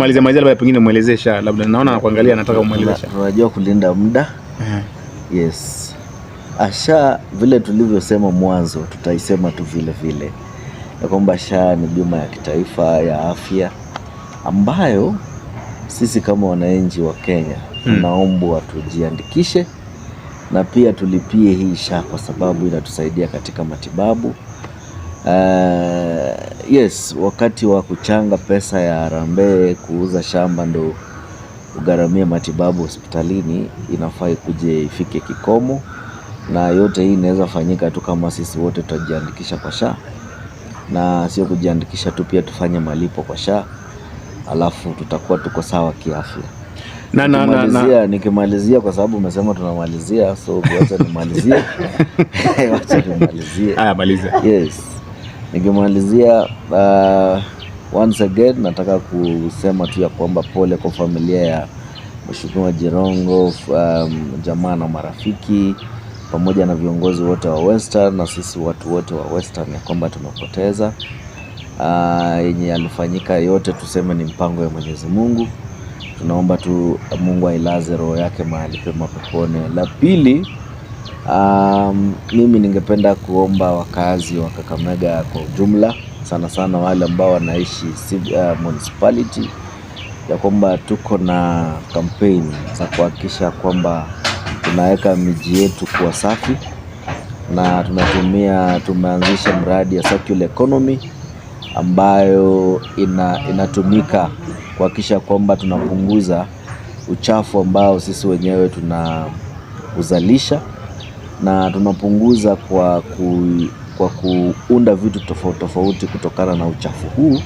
malizia malizia, labda pengine mwelezesha, labda naona anakuangalia, nataka umwelezesha. Unajua kulinda muda uh-huh. Yes, Asha vile tulivyosema mwanzo, tutaisema tu vile vile ya kwamba Sha ni bima ya kitaifa ya afya ambayo sisi kama wananchi wa Kenya hmm. tunaombwa hmm. tujiandikishe na pia tulipie hii Sha kwa sababu inatusaidia katika matibabu uh, Yes, wakati wa kuchanga pesa ya harambee kuuza shamba ndo ugharamia matibabu hospitalini inafaa ikuje ifike kikomo, na yote hii inaweza fanyika tu kama sisi wote tutajiandikisha kwa SHA, na sio kujiandikisha tu, pia tufanye malipo kwa SHA, alafu tutakuwa tuko sawa kiafya. Na, na, na, na. Nikimalizia kwa sababu umesema tunamalizia, so wacha nimalizie, wacha nimalizie. Yes. Nikimalizia uh, once again, nataka kusema tu ya kwamba pole kwa familia ya Mheshimiwa Jirongo, um, jamaa na marafiki pamoja na viongozi wote wa Western na sisi watu wote wa Western ya kwamba tumepoteza uh, yenye alifanyika yote, tuseme ni mpango ya Mwenyezi Mungu. Tunaomba tu Mungu ailaze roho yake mahali pema peponi. La pili Um, mimi ningependa kuomba wakazi wa kakamega kwa ujumla sana sana wale ambao wanaishi uh, municipality ya kwamba tuko na kampeni za kuhakikisha kwamba tunaweka miji yetu kuwa safi na tunatumia tumeanzisha mradi ya circular economy ambayo inatumika kuhakikisha kwamba tunapunguza uchafu ambao sisi wenyewe tunauzalisha na tunapunguza kwa, ku, kwa kuunda vitu tofauti tofauti kutokana na uchafu huu